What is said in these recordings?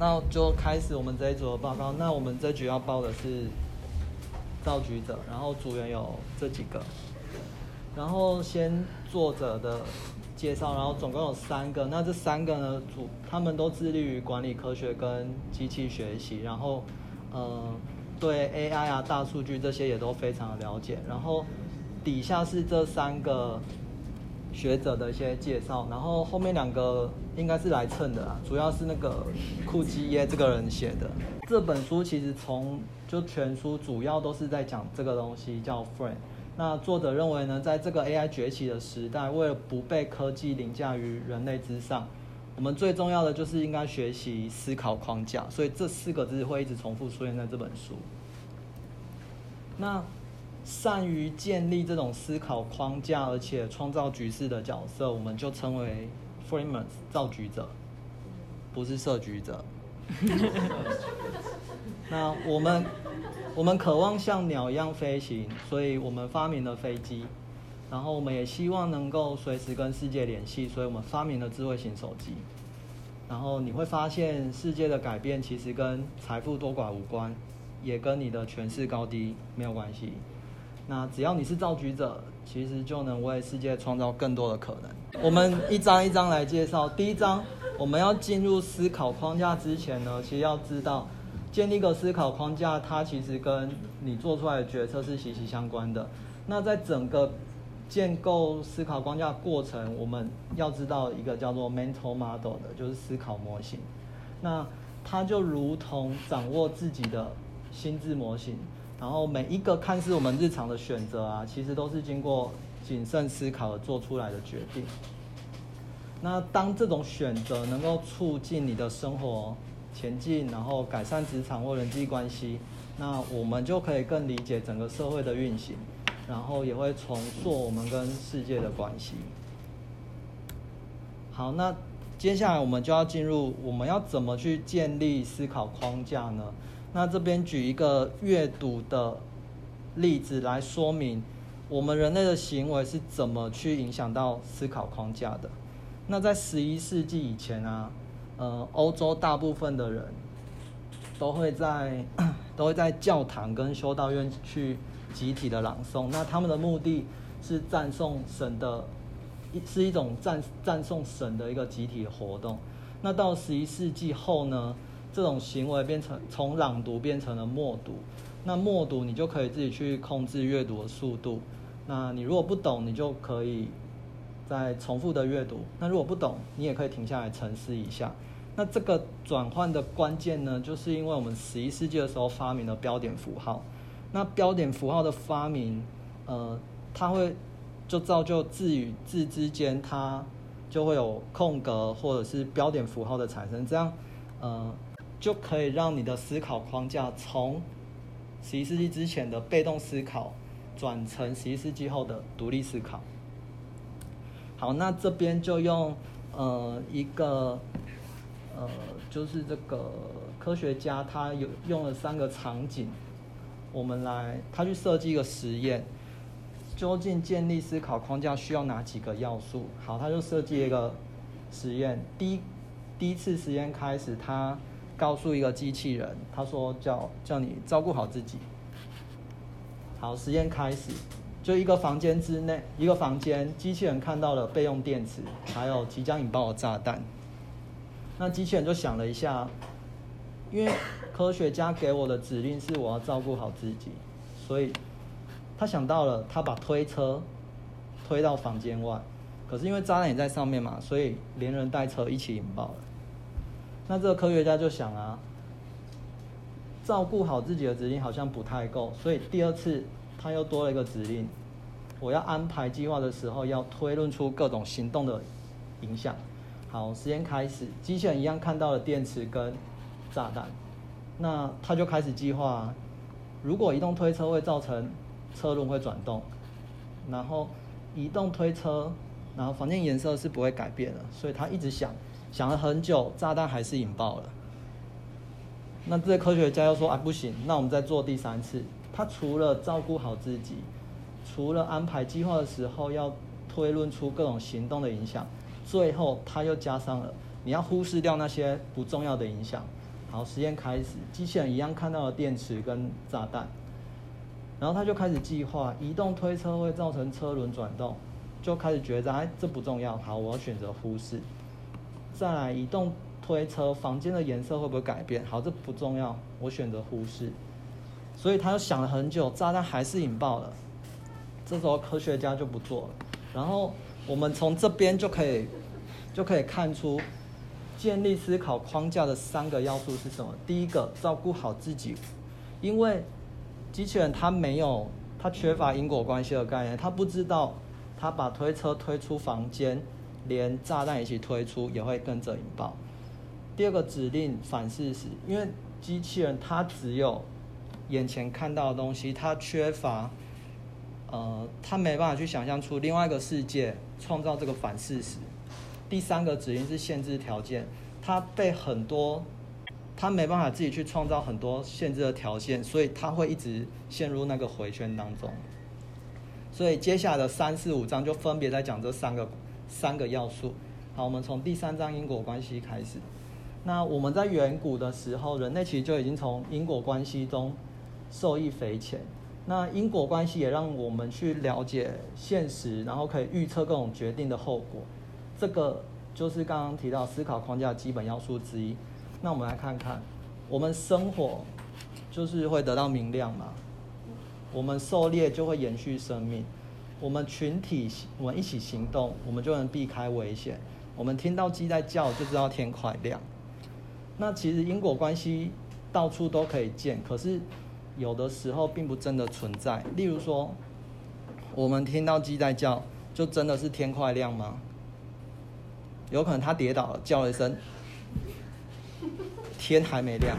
那就開始我們這一組的報告。那我們這局要報的是造局者，然後組員有這幾個，然後先作者的介紹，然後總共有三個。那這三個呢，組他們都致力於管理科學跟機器學習，然後呃對 AI 啊、AIR，大數據這些也都非常的了解。然後底下是這三個。學者的一些介紹，然後後面兩個應該是來蹭的啦，主要是那個庫基耶這個人寫的這本書，其實從就全書主要都是在講這個東西叫 friend。那作者認為呢，在這個 AI 崛起的時代，為了不被科技凌駕於人類之上，我們最重要的就是應該學習思考框架，所以這四個字會一直重複出現在這本書。那。善於建立這種思考框架，而且創造局勢的角色，我們就稱為 framers（ 造局者），不是設局者。 那我們我們渴望像鳥一樣飛行，所以我們發明了飛機。然後我們也希望能夠隨時跟世界聯繫，所以我們發明了智慧型手機。然後你會發現，世界的改變其實跟財富多寡無關，也跟你的權勢高低沒有關係。那只要你是造局者，其實就能為世界創造更多的可能。我們一章一章來介紹。第一章，我們要進入思考框架之前呢，其實要知道，建立一個思考框架，它其實跟你做出來的決策是息息相關的。那在整個建構思考框架過程，我們要知道一個叫做 mental model 的，就是思考模型。那它就如同掌握自己的心智模型。然後每一個看似我們日常的選擇啊，其實都是經過謹慎思考而做出來的決定。那當這種選擇能夠促進你的生活前進，然後改善職場或人際關係，那我們就可以更理解整個社會的運行，然後也會重塑我們跟世界的關係。好，那接下來我們就要進入，我們要怎麼去建立思考框架呢？.那這邊舉一個閱讀的例子來說明，我們人類的行為是怎麼去影響到思考框架的。那在十一世紀以前啊，呃，歐洲大部分的人都會在都會在教堂跟修道院去集體的朗誦。那他們的目的是讚頌神的，是一種讚讚頌神的一個集體的活動。那到十一世紀後呢？這種行為變成從朗讀變成了默讀，那默讀，你就可以自己去控制閱讀的速度。那你如果不懂，你就可以再重複的閱讀。那如果不懂，你也可以停下來沉思一下。那這個轉換的關鍵呢，就是因為我們十一世紀的時候發明了標點符號。那標點符號的發明，呃，它會就造就字與字之間它就會有空格或者是標點符號的產生，這樣，呃……就可以讓你的思考框架從十一世紀之前的被動思考轉成十一世紀後的獨立思考。好，那這邊就用呃一個呃，就是這個科學家，他有用了三個場景，我們來他去設計一個實驗，究竟建立思考框架需要哪幾個要素？好，他就設計一個實驗，第一第一次實驗開始，他。告訴一個機器人，他說叫叫你照顧好自己。好，實驗開始，就一個房間之內，一個房間，機器人看到了備用電池，還有即將引爆的炸彈。那機器人就想了一下，因為科學家給我的指令是我要照顧好自己，所以他想到了，他把推車推到房間外，可是因為炸彈也在上面嘛，所以連人帶車一起引爆了。那這個科學家就想啊，照顧好自己的指令好像不太夠，所以第二次他又多了一個指令，我要安排計劃的時候要推論出各種行動的影響。好，時間開始，機器人一樣看到了電池跟炸彈，那他就開始計劃，如果移動推車會造成車輪會轉動，然後移動推車，然後房間顏色是不會改變的，所以他一直想。想了很久，炸彈還是引爆了。那這些科學家又說：“啊，不行，那我們再做第三次。”他除了照顧好自己，除了安排計劃的時候要推論出各種行動的影響，最後他又加上了：你要忽視掉那些不重要的影響。好，實驗開始，機器人一樣看到了電池跟炸彈，然後他就開始計劃：移動推車會造成車輪轉動，就開始覺得：“哎，這不重要。”好，我要選擇忽視。再來移動推車，房間的顏色會不會改變？好，這不重要，我選擇忽視。所以他又想了很久，炸彈還是引爆了。這時候科學家就不做了。然後我們從這邊就可以就可以看出，建立思考框架的三個要素是什麼？第一個，照顧好自己，因為機器人它沒有，它缺乏因果關係的概念，它不知道它把推車推出房間。連炸彈一起推出，也會跟着引爆。第二個指令反事實，因為機器人它只有眼前看到的東西，它缺乏，呃，它沒辦法去想象出另外一個世界，創造這個反事實。第三個指令是限制條件，它被很多，它沒辦法自己去創造很多限制的條件，所以它會一直陷入那個回圈當中。所以接下來的三四五章就分別在講這三個。三個要素，好，我們從第三章因果關係開始。那我們在遠古的時候，人類其實就已經從因果關係中受益匪淺。那因果關係也讓我們去了解現實，然後可以預測各種決定的後果。這個就是剛剛提到思考框架的基本要素之一。那我們來看看，我們生火就是會得到明亮嘛？我們狩獵就會延續生命。我們群體，我們一起行動，我們就能避開危險。我們聽到雞在叫，就知道天快亮。那其實因果關係到處都可以見，可是有的時候並不真的存在。例如說，我們聽到雞在叫，就真的是天快亮嗎？有可能它跌倒了，叫了一聲，天還沒亮。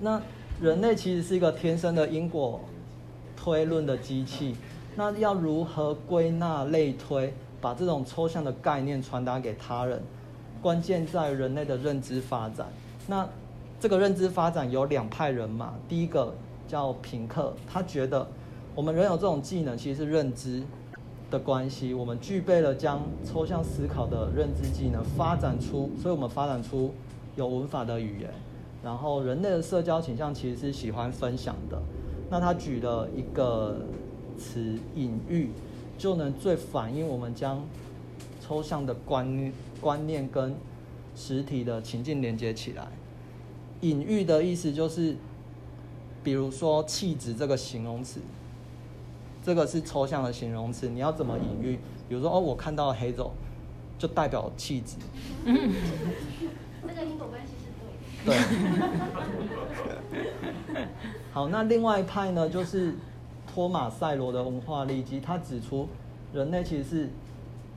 那人類其實是一個天生的因果推論的機器，那要如何歸納類推，把這種抽象的概念傳達給他人？關鍵在人類的認知發展。那這個認知發展有兩派人馬。第一個叫平克，他覺得我們人有這種技能，其實是認知的關係。我們具備了將抽象思考的認知技能發展出，所以我們發展出有文法的語言。然後，人類的社交傾向其實是喜歡分享的。那他舉了一個詞隱喻，就能最反映我們將抽象的觀觀念跟實體的情境連接起來。隱喻的意思就是，比如說“氣質”這個形容詞，這個是抽象的形容詞，你要怎麼隱喻？比如說哦，我看到了黑走，就代表氣質。這、嗯、 個因果關係是對的。對。 好，那另外一派呢，就是托馬塞羅的文化利基，他指出人類其實是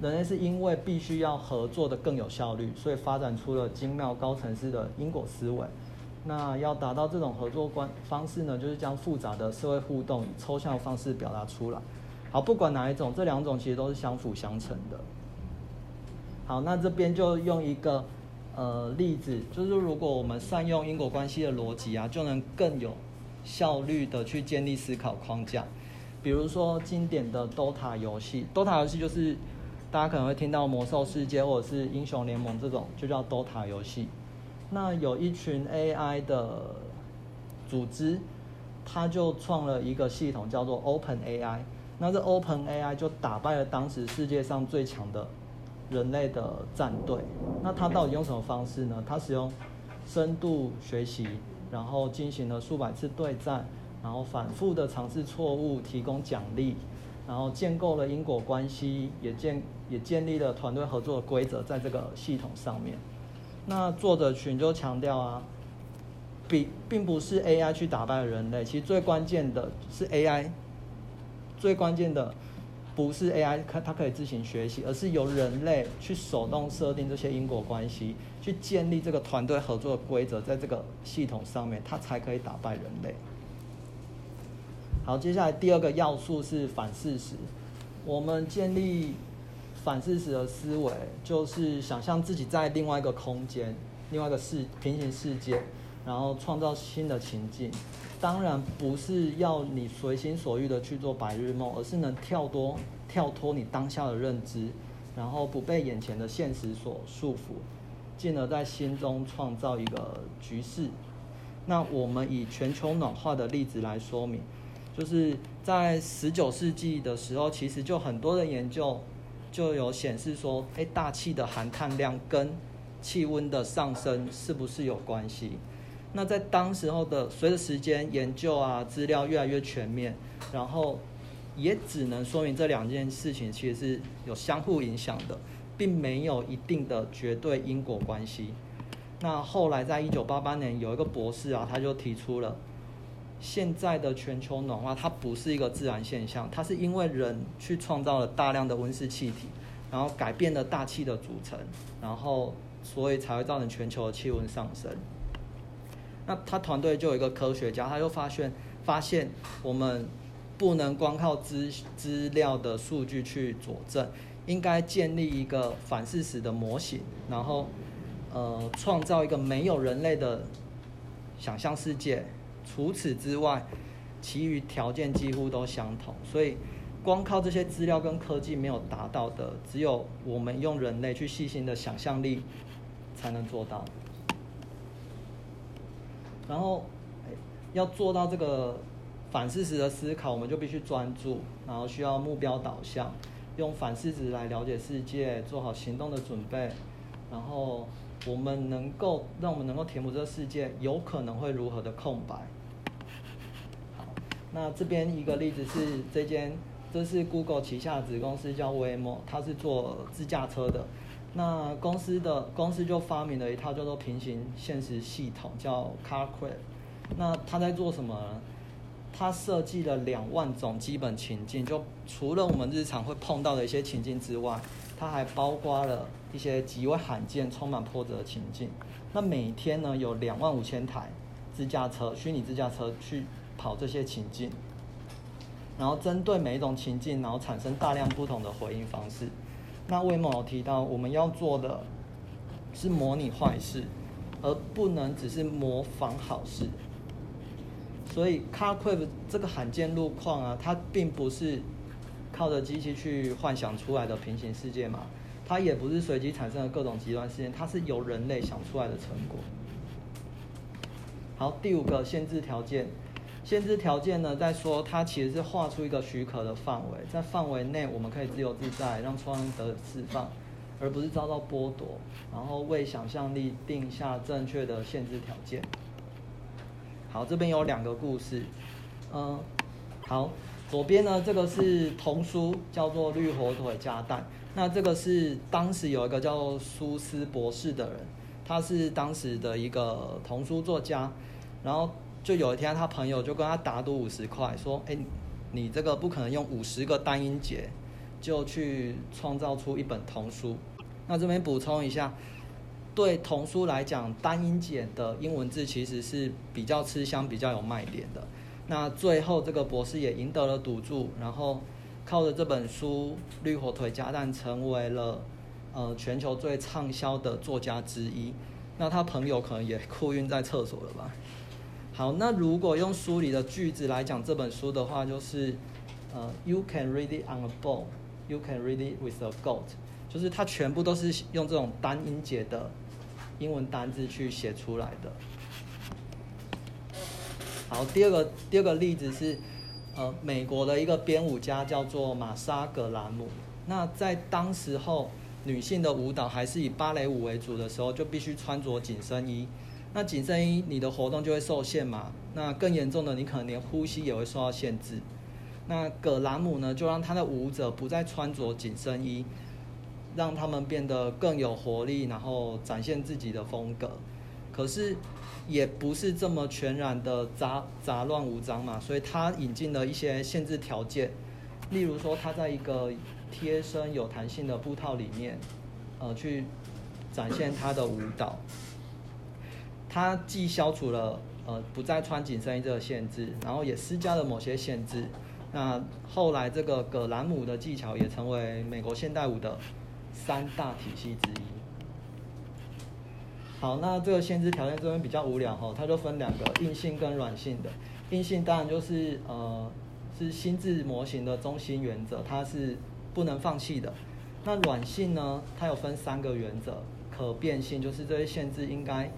人類是因為必須要合作的更有效率，所以發展出了精妙高層次的因果思維。那要達到這種合作觀方式呢，就是將複雜的社會互動以抽象的方式表達出來。好，不管哪一種，這兩種其實都是相輔相成的。好，那這邊就用一個呃例子，就是如果我們善用因果關係的邏輯啊，就能更有。效率的去建立思考框架，比如說經典的 Dota 遊戲，Dota 遊戲就是大家可能會聽到魔獸世界或者是英雄聯盟這種，就叫 Dota 遊戲。那有一群 AI 的組織，他就創了一個系統叫做 OpenAI。那這 OpenAI 就打敗了當時世界上最強的人類的戰隊。那他到底用什麼方式呢？他使用深度學習。然後進行了數百次對戰，然後反覆的嘗試錯誤，提供獎勵，然後建構了因果關係，也建也建立了團隊合作的規則在這個系統上面。那作者群就強調啊，比並不是 AI 去打敗人類，其實最關鍵的是 AI，最關鍵的。不是 AI 它它可以自行學習，而是由人類去手動設定這些因果關係，去建立這個團隊合作的規則，在這個系統上面，它才可以打敗人類。好，接下來第二個要素是反事實。我們建立反事實的思維，就是想象自己在另外一個空間、另外一個世平行世界，然後創造新的情境，當然不是要你隨心所欲的去做白日夢，而是能跳多跳脫你當下的認知，然後不被眼前的現實所束縛，進而在心中創造一個局勢。那我們以全球暖化的例子來說明，就是在十九世紀的時候，其實就很多的研究就有顯示說，誒，大氣的含碳量跟氣溫的上升是不是有關係？那在當時候的，隨着時間研究啊，資料越來越全面，然後也只能說明這兩件事情其實是有相互影響的，並沒有一定的絕對因果關係。那後來在一九八八年有一個博士啊，他就提出了現在的全球暖化它，不是一個自然現象，它是因為人去創造了大量的溫室氣體，然後改變了大氣的組成，然後所以才會造成全球的氣溫上升。那他團隊就有一個科學家，他就發現，發現我們不能光靠資資料的數據去佐證，應該建立一個反事實的模型，然後，呃，創造一個沒有人類的想象世界。除此之外，其餘條件幾乎都相同。所以，光靠這些資料跟科技沒有達到的，只有我們用人類去細心的想象力才能做到。然後，哎，要做到這個反事實的思考，我們就必須專注，然後需要目標導向，用反事實來了解世界，做好行動的準備。然後我們能夠讓我們能夠填補這個世界有可能會如何的空白。好，那這邊一個例子是這間，這是 Google 旗下子公司，叫 Waymo，它，是做自駕車的。那公司的公司就發明了一套叫做平行現實系統，叫 Car Craft。那它在做什麼呢？它設計了兩萬種基本情境，就除了我們日常會碰到的一些情境之外，它還包括了一些極為罕見、充滿波折的情境。那每天呢，有兩萬五千台自駕車、虛擬自駕車去跑這些情境，然後針對每一種情境，然後產生大量不同的回應方式。那魏某有提到，我們要做的是模擬壞事，而不能只是模仿好事。所以 Carcraft 這個罕見路況啊，它並不是靠着機器去幻想出來的平行世界嘛，它也不是隨機產生的各種極端事件，它是由人類想出來的成果。好，第五個限制條件。限制條件呢，在說它其實是畫出一個許可的範圍，在範圍內我們可以自由自在，讓創意得以釋放，而不是遭到剝奪。然後為想象力定下正確的限制條件。好，這邊有兩個故事，嗯，好，左邊呢這個是童書，叫做《綠火腿夾蛋》。那這個是當時有一個叫蘇斯博士的人，他是當時的一個童書作家，然後。就有一天，他朋友就跟他打賭五十塊，說：“誒、欸，你這個不可能用五十個單音節就去創造出一本童書。”那這邊補充一下，對童書來講，單音節的英文字其實是比較吃香、比較有賣點的。那最後這個博士也贏得了賭注，然後靠着這本書《綠火腿加蛋》，成為了呃全球最暢銷的作家之一。那他朋友可能也哭暈在廁所了吧。好，那如果用書裡的句子來講這本書的話，就是呃，you can read it on a boat, you can read it with a goat，就是它全部都是用這種單音節的英文單字去寫出來的。好，第二個第二個例子是呃，美國的一個編舞家叫做瑪莎·葛蘭姆。那在當時候，女性的舞蹈還是以芭蕾舞為主的時候，就必須穿着緊身衣。那緊身衣，你的活動就會受限嘛。那更嚴重的，你可能連呼吸也會受到限制。那葛蘭姆呢，就讓他的舞者不再穿着緊身衣，讓他們變得更有活力，然後展現自己的風格。可是也不是這麼全然的雜雜亂無章嘛，所以他引進了一些限制條件，例如說他在一個貼身有彈性的布套裡面，呃，去展現他的舞蹈。它既消除了呃不再穿緊身衣這個限制，然後也施加了某些限制。那後來這個葛蘭姆的技巧也成為美國現代舞的三大體系之一。好，那這個限制條件這邊比較無聊哈，它就分兩個硬性跟軟性的。硬性當然就是呃是心智模型的中心原則，它是不能放棄的。那軟性呢，它有分三個原則：可變性，就是這些限制應該。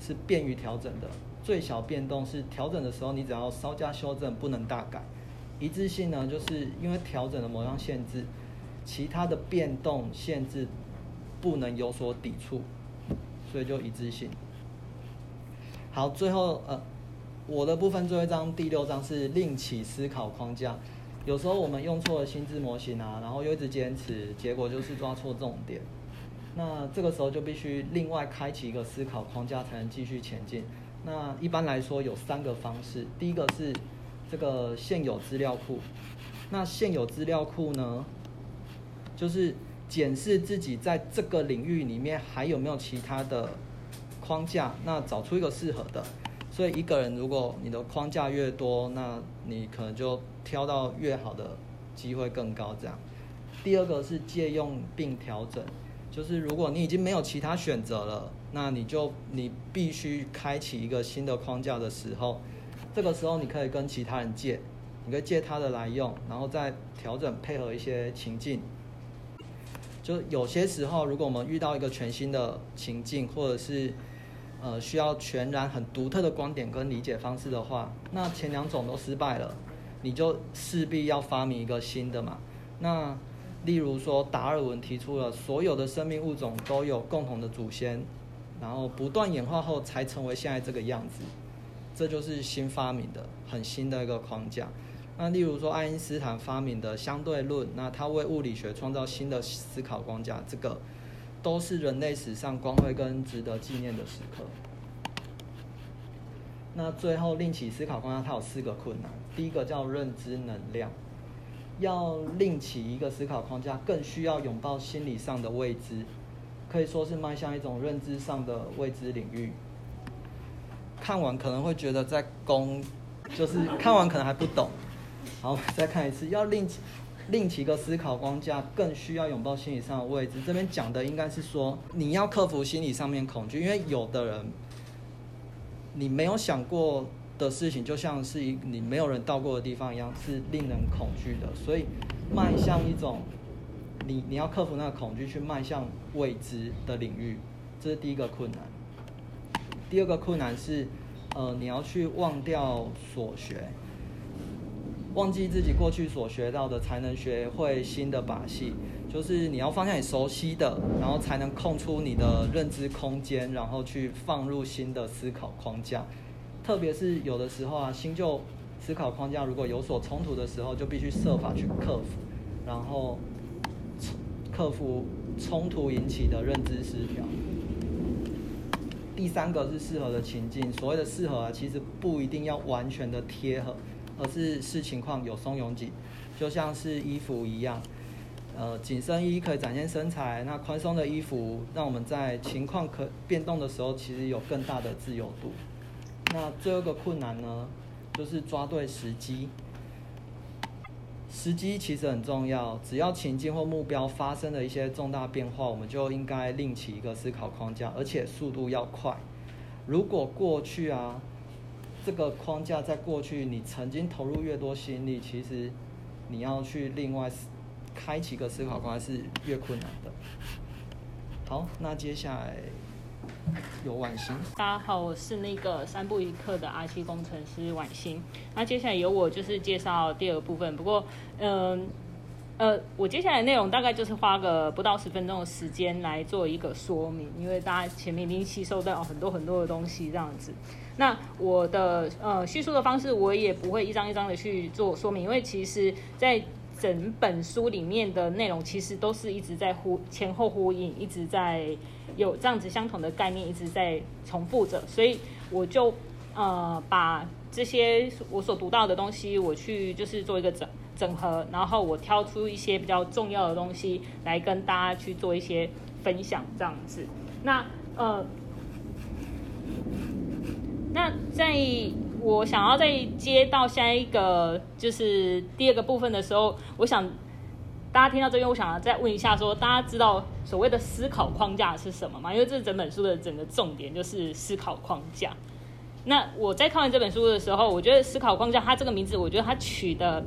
是便於調整的。最小變動是調整的時候，你只要稍加修正，不能大改。一致性呢，就是因為調整了某樣限制，其他的變動限制不能有所抵觸，所以就一致性。好，最後呃，我的部分最後一章第六章是另起思考框架。有時候我們用錯了心智模型啊，然後又一直堅持，結果就是抓錯重點。那這個時候就必須另外開啟一個思考框架，才能繼續前進。那一般來說有三個方式，第一個是這個現有資料庫。那現有資料庫呢，就是檢視自己在這個領域裡面還有沒有其他的框架，那找出一個適合的。所以一個人如果你的框架越多，那你可能就挑到越好的機會更高。這樣，第二個是借用並調整。就是如果你已經沒有其他選擇了，那你就你必須開啟一個新的框架的時候，這個時候你可以跟其他人借，你可以借他的來用，然後再調整配合一些情境。就有些時候，如果我們遇到一個全新的情境，或者是呃需要全然很獨特的觀點跟理解方式的話，那前兩種都失敗了，你就勢必要發明一個新的嘛。那。例如說，達爾文提出了所有的生命物種都有共同的祖先，然後不斷演化後才成為現在這個樣子，這就是新發明的很新的一個框架。那例如說，愛因斯坦發明的相對論，那他為物理學創造新的思考框架，這個都是人類史上光輝跟值得紀念的時刻。那最後另起思考框架，它有四個困難。第一個叫認知能量。要另起一個思考框架，更需要擁抱心理上的未知，可以說是邁向一種認知上的未知領域。看完可能會覺得在攻，就是看完可能還不懂，好，再看一次。要另另起一個思考框架，更需要擁抱心理上的未知。這邊講的應該是說，你要克服心理上面恐懼，因為有的人你沒有想過。的事情，就像是一你沒有人到過的地方一樣，是令人恐懼的。所以，邁向一種你你要克服那個恐懼，去邁向未知的領域，這是第一個困難。第二個困難是，呃，你要去忘掉所學，忘記自己過去所學到的，才能學會新的把戲。就是你要放下你熟悉的，然後才能空出你的認知空間，然後去放入新的思考框架。特別是有的時候啊，新舊思考框架如果有所衝突的時候，就必須設法去克服，然後克服衝突引起的認知失調。第三個是適合的情境，所謂的適合啊，其實不一定要完全的貼合，而是視情況有鬆有緊，就像是衣服一樣，呃，緊身衣可以展現身材，那寬鬆的衣服讓我們在情況可變動的時候，其實有更大的自由度。那最後一個困難呢，就是抓對時機。時機其實很重要，只要情境或目標發生了一些重大變化，我們就應該另起一個思考框架，而且速度要快。如果過去啊，這個框架在過去你曾經投入越多心力，其實你要去另外開啟一個思考框架是越困難的。好，那接下來。有晚星，大家好，我是那個三步一刻的 R 七工程師晚星。那接下來由我就是介紹第二部分。不過，嗯呃，呃，我接下來的內容大概就是花個不到十分鐘的時間來做一個說明，因為大家前面已經吸收到很多很多的東西這樣子。那我的呃敘述的方式我也不會一張一張的去做說明，因為其實在整本書裡面的內容其實都是一直在呼，前後呼應，一直在有這樣子相同的概念，一直在重複着。所以我就，呃，把這些我所讀到的東西，我去就是做一個整，整合，然後我挑出一些比較重要的東西來跟大家去做一些分享這樣子。那呃，那在。我想要再接到下一個，就是第二個部分的時候，我想大家聽到這邊，我想要再問一下，說大家知道所謂的思考框架是什麼嗎？因為這整本書的整個重點就是思考框架。那我在看完這本書的時候，我覺得思考框架，它這個名字，我覺得它取的，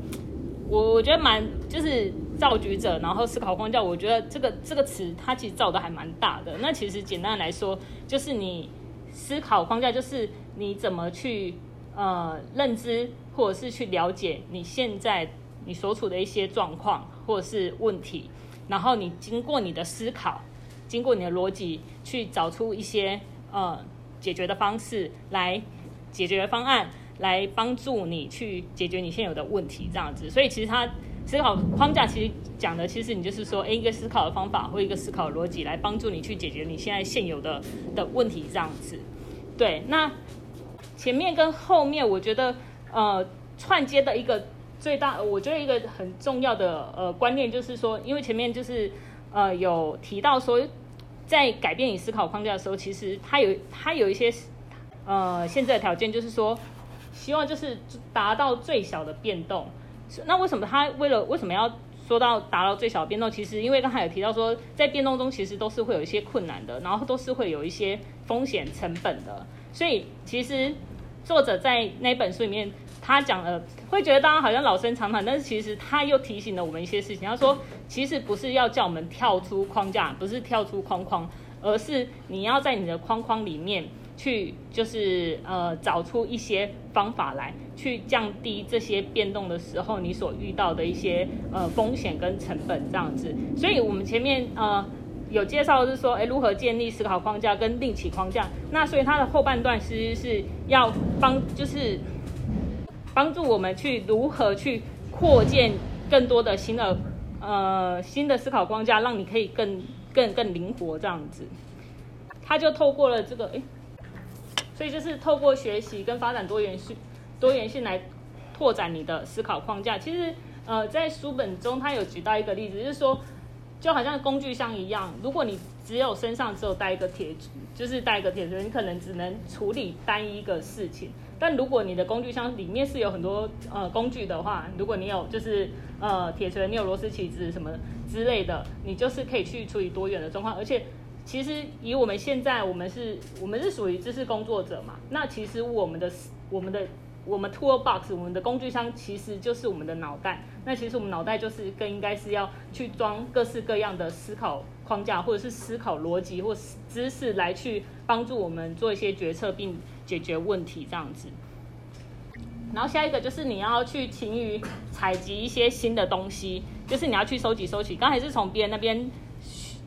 我我覺得蠻就是造局者，然後思考框架，我覺得這個這個詞，它其實造的還蠻大的。那其實簡單來說，就是你思考框架，就是你怎麼去。呃，認知或者是去了解你現在你所處的一些狀況或者是問題，然後你經過你的思考，經過你的邏輯去找出一些呃解決的方式，來解決的方案來幫助你去解決你現有的問題這樣子。所以其實它思考框架其實講的其實你就是說，誒，一個思考的方法或一個思考的邏輯來幫助你去解決你現在現有的的問題這樣子。對，那。前面跟後面，我覺得呃串接的一個最大，我覺得一個很重要的呃觀念就是說，因為前面就是呃有提到說，在改變你思考框架的時候，其實它有它有一些呃限制的條件，就是說希望就是達到最小的變動。那為什麼他為了為什麼要說到達到最小的變動？其實因為剛才有提到說，在變動中其實都是會有一些困難的，然後都是會有一些風險成本的，所以其實。作者在那本書裡面，他講了，呃，會覺得大家好像老生常談，但是其實他又提醒了我們一些事情。他說，其實不是要叫我們跳出框架，不是跳出框框，而是你要在你的框框裡面去，就是呃，找出一些方法來，去降低這些變動的時候你所遇到的一些呃風險跟成本這樣子。所以，我們前面呃。有介紹的是說，哎，如何建立思考框架跟另起框架。那所以它的後半段其實是要幫，就是幫助我們去如何去擴建更多的新的呃新的思考框架，讓你可以更更更靈活這樣子。他就透過了這個，哎，所以就是透過學習跟發展多元性多元性來拓展你的思考框架。其實，呃，在書本中他有舉到一個例子，就是說。就好像工具箱一樣，如果你只有身上只有帶一個鐵錘，就是帶一個鐵錘，你可能只能處理單一個事情。但如果你的工具箱裡面是有很多呃工具的話，如果你有就是呃鐵錘，你有螺絲起子什麼之類的，你就是可以去處理多元的狀況。而且，其實以我們現在，我們是，我們是屬於知識工作者嘛，那其實我們的，我們的。我們 Toolbox，我們的工具箱其實就是我們的腦袋。那其實我們腦袋就是更應該是要去裝各式各樣的思考框架，或者是思考邏輯或是知識來去幫助我們做一些決策並解決問題這樣子。然後下一個就是你要去勤於採集一些新的東西，就是你要去收集收集。剛才是從別人那邊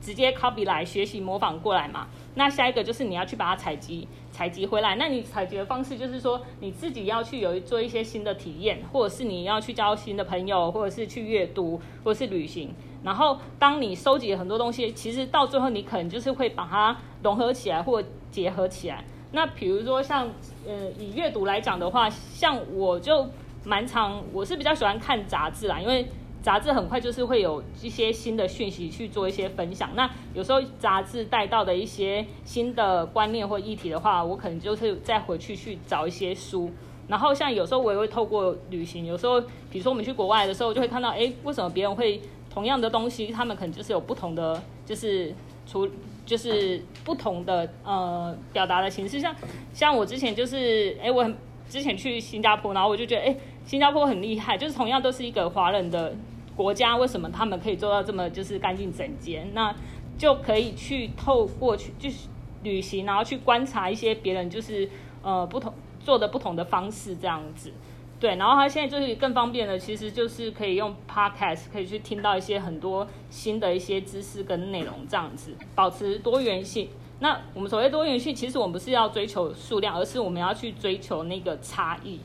直接 copy 來學習模仿過來嘛。那下一個就是你要去把它採集。採集回來，那你採集的方式就是說，你自己要去有做一些新的體驗，或者是你要去交新的朋友，或者是去閱讀，或是旅行。然後，當你收集很多東西，其實到最後你可能就是會把它融合起來或結合起來。那比如說像，呃，以閱讀來講的話，像我就蠻常，我是比較喜歡看雜誌啦，因為。雜志很快就是會有一些新的訊息去做一些分享。那有時候雜志帶到的一些新的觀念或議題的話，我可能就是再回去去找一些書。然後像有時候我也會透過旅行，有時候比如說我們去國外的時候，就會看到，欸，為什麼別人會同樣的東西，他們可能就是有不同的，就是處，就是不同的呃表達的形式。像像我之前就是，欸，我很之前去新加坡，然後我就覺得，欸，新加坡很厲害，就是同樣都是一個華人的。國家為什麼他們可以做到這麼就是乾淨整潔？那就可以去透過去就是旅行，然後去觀察一些別人就是呃不同做的不同的方式這樣子。對，然後他現在就是更方便的，其實就是可以用 podcast 可以去聽到一些很多新的一些知識跟內容這樣子，保持多元性。那我們所謂多元性，其實我們不是要追求數量，而是我們要去追求那個差異。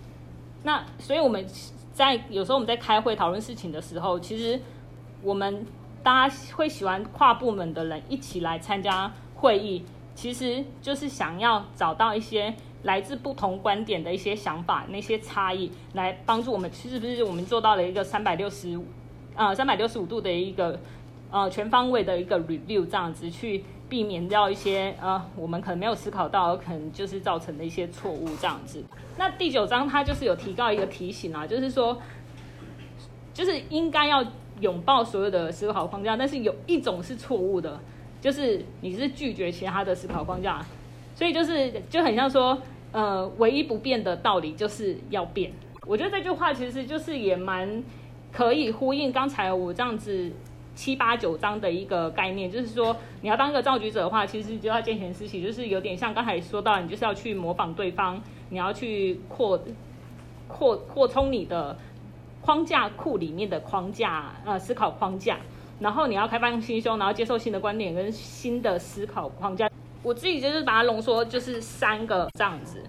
那所以，我們。在有時候我們在開會討論事情的時候，其實我們大家會喜歡跨部門的人一起來參加會議，其實就是想要找到一些來自不同觀點的一些想法，那些差異來幫助我們，其實不是我們做到了一個三百六十，呃三百六十五度的一個呃全方位的一個 review 這樣子去。避免掉一些呃，我們可能沒有思考到，可能就是造成的一些錯誤這樣子。那第九章它就是有提到一個提醒啊，就是說，就是應該要擁抱所有的思考框架，但是有一種是錯誤的，就是你是拒絕其他的思考框架。所以就是就很像說，呃，唯一不變的道理就是要變。我覺得這句話其實就是也蠻可以呼應剛才我這樣子。七八九章的一個概念，就是說，你要當一個造局者的話，其實就要見賢思齊，就是有點像剛才說到，你就是要去模仿對方，你要去擴擴擴充你的框架庫裡面的框架，呃，思考框架，然後你要開放心胸，然後接受新的觀點跟新的思考框架。我自己就是把它濃縮，就是三個這樣子。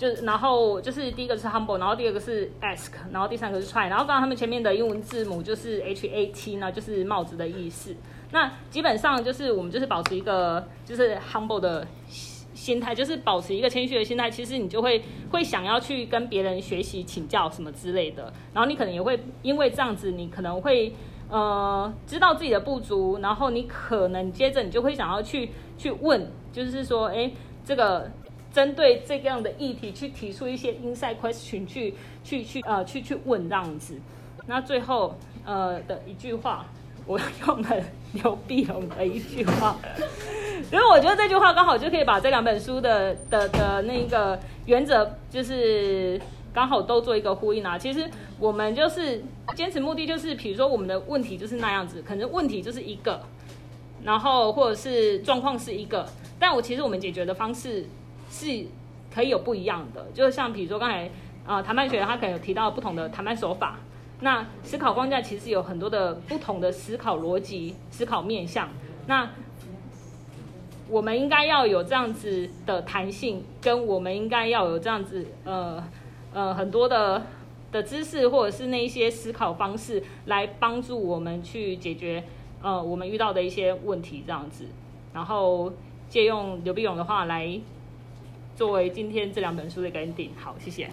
就，然後就是第一個是 humble，然後第二個是 ask，然後第三個是 try，然後剛剛他們前面的英文字母就是 HAT，呢，就是帽子的意思。那基本上就是我們就是保持一個就是 humble 的心態，就是保持一個謙虛的心態，其實你就會會想要去跟別人學習請教什麼之類的。然後你可能也會因為這樣子，你可能會呃知道自己的不足，然後你可能接着你就會想要去去問，就是說哎這個。針對這樣的議題去提出一些 inside question，去去去呃，去去問這樣子。那最後呃的一句話，我用了牛逼我們的一句話，因為我覺得這句話剛好就可以把這兩本書的的的那一個原則，就是剛好都做一個呼應啊。其實我們就是堅持目的就是，比如說我們的問題就是那樣子，可能問題就是一個，然後或者是狀況是一個，但我其實我們解決的方式，是，可以有不一樣的，就是像比如說剛才啊、呃，談判學他可能有提到不同的談判手法，那思考框架其實有很多的不同的思考邏輯、思考面向，那我們應該要有這樣子的彈性，跟我們應該要有這樣子呃呃很多的的知識或者是那一些思考方式來幫助我們去解決呃我們遇到的一些問題這樣子，然後借用劉必榮的話來。作為今天這兩本書的跟進，好，謝謝。